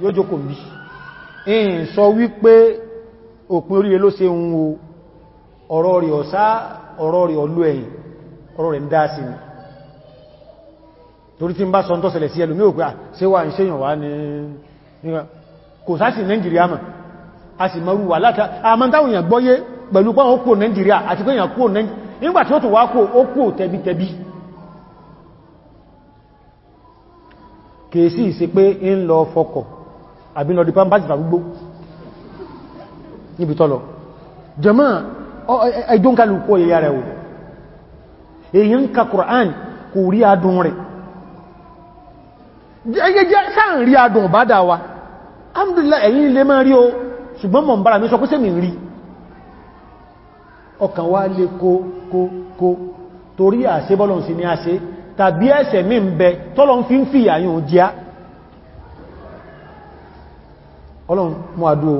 Speaker 1: yóò jókò bí in sọ wípé òpin oríire ló ṣe ń wo ọ̀rọ̀ rẹ̀ ọ̀sá ọ̀rọ̀ rẹ̀ ọlú ẹ̀yìn ọ̀rọ̀ rẹ̀ ń dá sí ni torí tí ń bá sọ́ntọ́ sẹlẹ̀ sí ẹlùmí òpin ṣe wà ń ṣèyàn wá ní kò sásì Nàìjíríà mọ̀ a sì mọ̀rú wà látà kèsí ìsẹ́ pé ń lọ fọkọ̀ àbí lọ dípá bájìtà gbogbo níbi tọ́lọ jẹmọ́ ẹjọ́ nǹkan lùkọ́ ìyá rẹ̀ wò èyí ń ka Kùránì kò rí adùn rẹ̀ jẹ́jẹ́ sáà rí adùn bá dà wa alhamdulillah ẹ̀yìn ilé máa rí o ṣùgbọ́n mọ̀ bára mi sọ pẹ́sẹ̀ mi rí ọkàn wá lè kó kó kó torí àṣẹ́bọ́lọ̀ sí ni a tàbí ẹ̀ṣẹ̀ mi ń bẹ tọ́lọ ń fi ń fìyà yóò jẹ́ ọlọ́run mú àdúó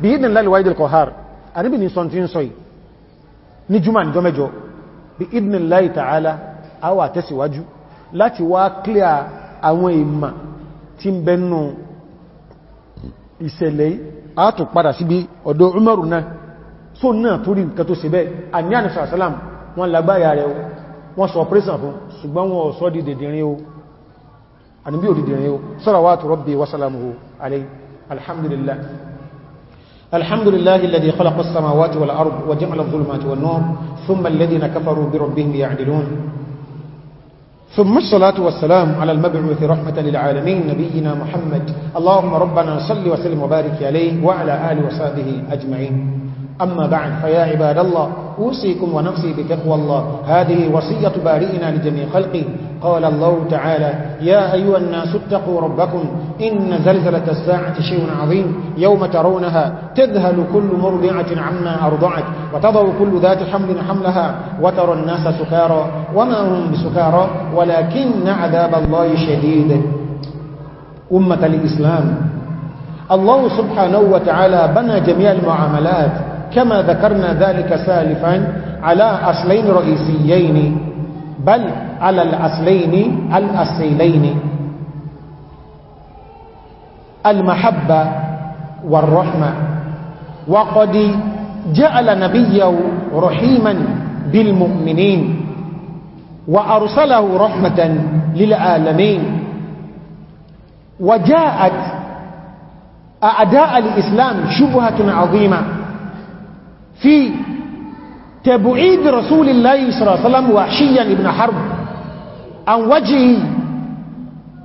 Speaker 1: bí i dìn láìlú wáyé kọ̀hár àníbì ní sọ tí ń sọ yìí ní jùmọ̀ ní jọmẹjọ bí i dìn láì tààlá àwà tẹ́síwájú láti wá kílíà àwọn ìmà tí ń bẹnu ìṣẹ̀lẹ̀ àátù padà síbi ọ̀dọ̀ Umaru náà só náà tó rí nǹkan tó sì bẹ́ àní àníṣà wọn lágbáyà rẹ̀ wọn sọ pẹ́sàn fún ṣùgbọ́n wọn sọ dìdìdìrin o الحمد لله الحمد لله الذي خلق السماوات والأرض وجعل الظلمات والنور ثم الذين كفروا بربهم يعدلون ثم الصلاة والسلام على المبعوث رحمة للعالمين نبينا محمد اللهم ربنا صل وسلم وبارك عليه وعلى آله وصحبه أجمعين أما بعد فيا عباد الله أوصيكم ونفسي بتقوى الله هذه وصية بارئنا لجميع خلقه قال الله تعالى يا أيها الناس اتقوا ربكم إن زلزلة الساعة شيء عظيم يوم ترونها تذهل كل مرضعة عما أرضعت وتضع كل ذات حمل حملها وترى الناس سكارى وما هم بسكارى ولكن عذاب الله شديد أمة الإسلام الله سبحانه وتعالى بنى جميع المعاملات كما ذكرنا ذلك سالفا على أصلين رئيسيين بل على الأصلين الأصيلين المحبة والرحمة وقد جعل نبيه رحيما بالمؤمنين وأرسله رحمة للعالمين وجاءت أعداء الإسلام شبهة عظيمة في تبعيد رسول الله صلى الله عليه وسلم وحشيا ابن حرب عن وجهه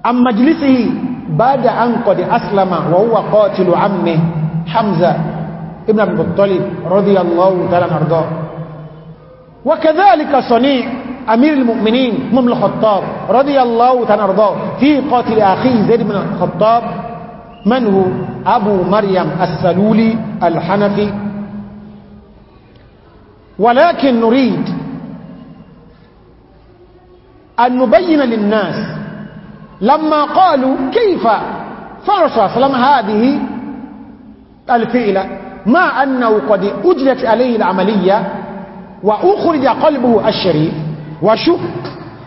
Speaker 1: عن مجلسه بعد أن قد أسلم وهو قاتل عمه حمزة ابن ابي المطلب رضي الله تعالى عنه وكذلك صنيع أمير المؤمنين مم الخطاب رضي الله تعالى عنه في قاتل أخيه زيد بن الخطاب من هو أبو مريم السلولي الحنفي ولكن نريد أن نبين للناس لما قالوا كيف فرصة سلام هذه الفئلة مع أنه قد أجلت عليه العملية وأخرج قلبه الشريف وشك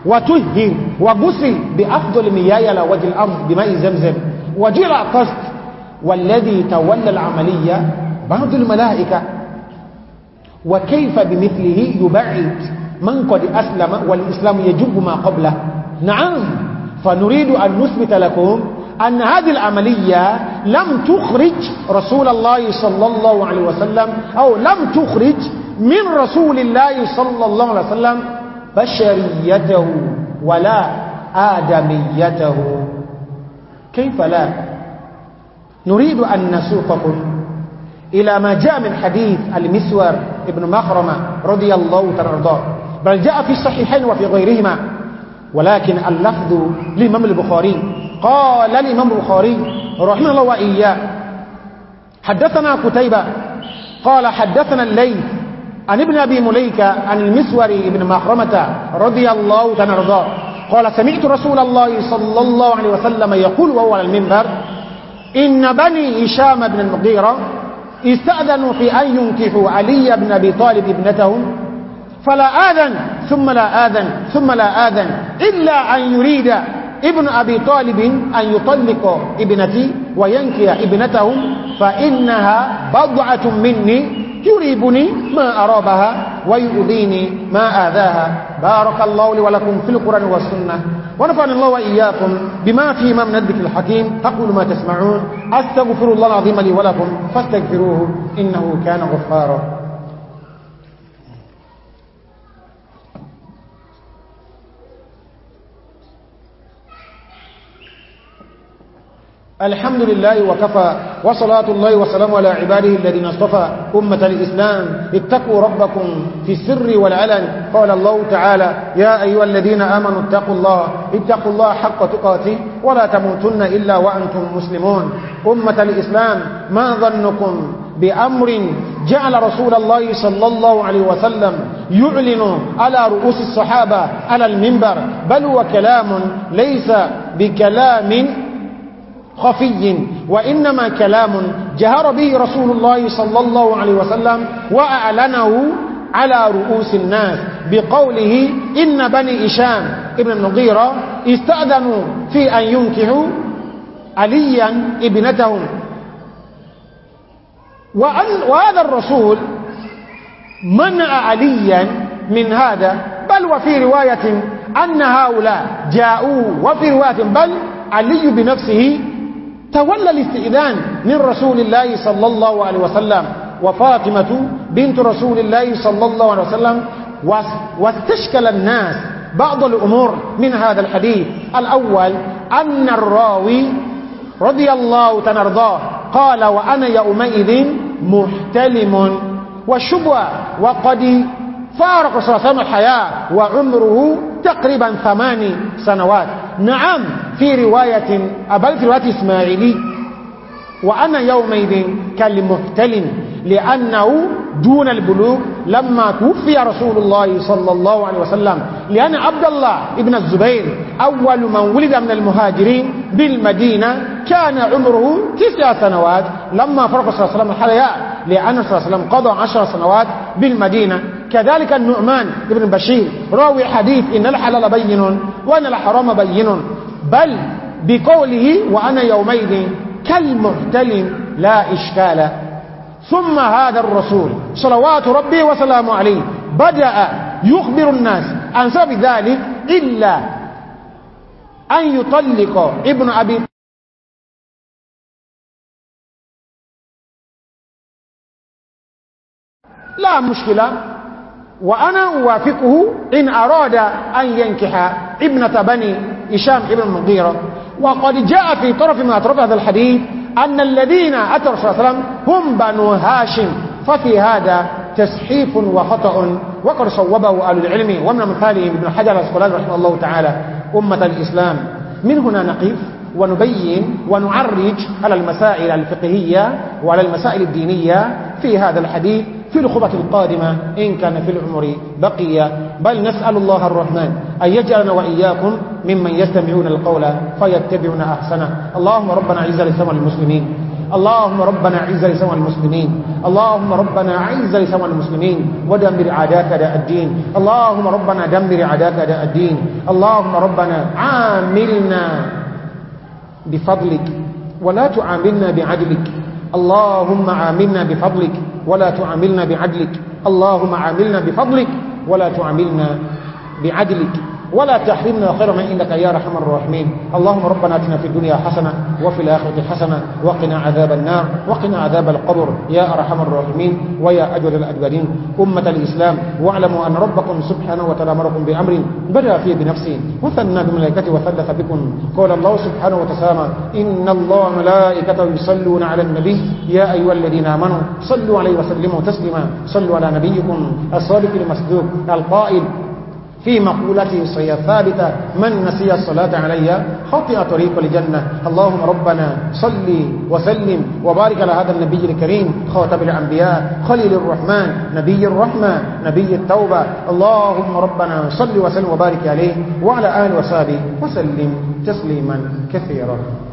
Speaker 1: وتهي وغسل بأفضل مياه على وجه الأرض بماء زمزم وجرى قصد والذي تولى العملية بعض الملائكة وكيف بمثله يبعد من قد أسلم والإسلام يجب ما قبله نعم فنريد أن نثبت لكم أن هذه العملية لم تخرج رسول الله صلى الله عليه وسلم أو لم تخرج من رسول الله صلى الله عليه وسلم بشريته ولا آدميته كيف لا نريد أن نسوقكم إلى ما جاء من حديث المسور ابن مخرمة رضي الله ترضى بل جاء في الصحيحين وفي غيرهما ولكن اللفظ لمم البخاري قال الإمام البخاري رحمه الله وإياه حدثنا كتيبة قال حدثنا الليل عن ابن أبي مليكة عن المسوري ابن مخرمة رضي الله ترضى قال سمعت رسول الله صلى الله عليه وسلم يقول وهو على المنبر إن بني هشام بن المغيرة استأذنوا في أن ينكحوا علي بن أبي طالب ابنتهم فلا آذن ثم لا آذن ثم لا آذن إلا أن يريد ابن أبي طالب أن يطلق ابنتي وينكي ابنته فإنها بضعة مني يريبني ما أرابها ويؤذيني ما آذاها بارك الله لي ولكم في القرآن والسنة ونفعني الله وإياكم بما في من الذكر الحكيم أقول ما تسمعون أستغفر الله العظيم لي ولكم فاستغفروه إنه كان غفارا الحمد لله وكفى وصلاة الله وسلام على عباده الذين اصطفى أمة الإسلام اتقوا ربكم في السر والعلن قال الله تعالى يا أيها الذين آمنوا اتقوا الله اتقوا الله حق تقاته ولا تموتن إلا وأنتم مسلمون أمة الإسلام ما ظنكم بأمر جعل رسول الله صلى الله عليه وسلم يعلن على رؤوس الصحابة على المنبر بل هو كلام ليس بكلام خفي وإنما كلام جهر به رسول الله صلى الله عليه وسلم وأعلنه على رؤوس الناس بقوله إن بني إشام ابن النضيرة استأذنوا في أن ينكحوا عليا ابنتهم وهذا الرسول منع عليا من هذا بل وفي رواية أن هؤلاء جاءوا وفي رواية بل علي بنفسه تولى الاستئذان من رسول الله صلى الله عليه وسلم وفاطمة بنت رسول الله صلى الله عليه وسلم واستشكل الناس بعض الأمور من هذا الحديث الأول أن الراوي رضي الله تنرضاه قال وأنا يومئذ محتلم وشبه وقد فارق صلى الله عليه وسلم الحياة وعمره تقريبا ثماني سنوات نعم في رواية أبل في رواية إسماعيلي وأنا يومئذ كالمهتل لأنه دون البلوغ لما توفي رسول الله صلى الله عليه وسلم لأن عبد الله ابن الزبير أول من ولد من المهاجرين بالمدينة كان عمره تسع سنوات لما فرق صلى الله عليه وسلم الحياة لأن صلى الله عليه وسلم قضى عشر سنوات بالمدينة كذلك النعمان بن بشير راوي حديث إن الحلال بين وأن الحرام بين بل بقوله وأنا يومئذ كالمحتل لا إشكال ثم هذا الرسول صلوات ربي وسلامه عليه بدأ يخبر الناس عن سبب ذلك إلا أن يطلق ابن أبي لا مشكلة وأنا أوافقه إن أراد أن ينكح ابنة بني إشام ابن المغيرة وقد جاء في طرف من أطراف هذا الحديث أن الذين أتوا رسول الله هم بنو هاشم ففي هذا تسحيف وخطأ وقد صوبه أهل العلم ومن مثالهم ابن حجر الأسقلاني رحمه الله تعالى أمة الإسلام من هنا نقف ونبين ونعرج على المسائل الفقهية وعلى المسائل الدينية في هذا الحديث في الخطبة القادمة إن كان في العمر بقية بل نسأل الله الرحمن أن يجعلنا وإياكم ممن يستمعون القول فيتبعون أحسنه اللهم ربنا عز لسوى المسلمين اللهم ربنا عز لسوى المسلمين اللهم ربنا عز لسوى المسلمين ودمر عداك داء الدين اللهم ربنا دمر عداك داء الدين اللهم ربنا عاملنا بفضلك ولا تعاملنا بعدلك اللهم عاملنا بفضلك ولا تعاملنا بعدلك اللهم عاملنا بفضلك ولا تعاملنا بعدلك ولا تحرمنا خير من إنك يا رحم الراحمين اللهم ربنا اتنا في الدنيا حسنة وفي الآخرة حسنة وقنا عذاب النار وقنا عذاب القبر يا أرحم الراحمين ويا أجل الأجبرين أمة الإسلام واعلموا أن ربكم سبحانه وتعالى مركم بأمر بدأ فيه بنفسه وثنى بملائكته وثلث بكم قال الله سبحانه وتعالى إن الله ملائكته يصلون على النبي يا أيها الذين آمنوا صلوا عليه وسلموا تسليما صلوا على نبيكم الصادق المصدوق القائل في مقولته الصحيحة ثابتة من نسي الصلاة علي خطئ طريق الجنة اللهم ربنا صلي وسلم وبارك على هذا النبي الكريم خاتم الأنبياء خليل الرحمن نبي الرحمة نبي التوبة اللهم ربنا صلي وسلم وبارك عليه وعلى آل وسابه وسلم تسليما كثيرا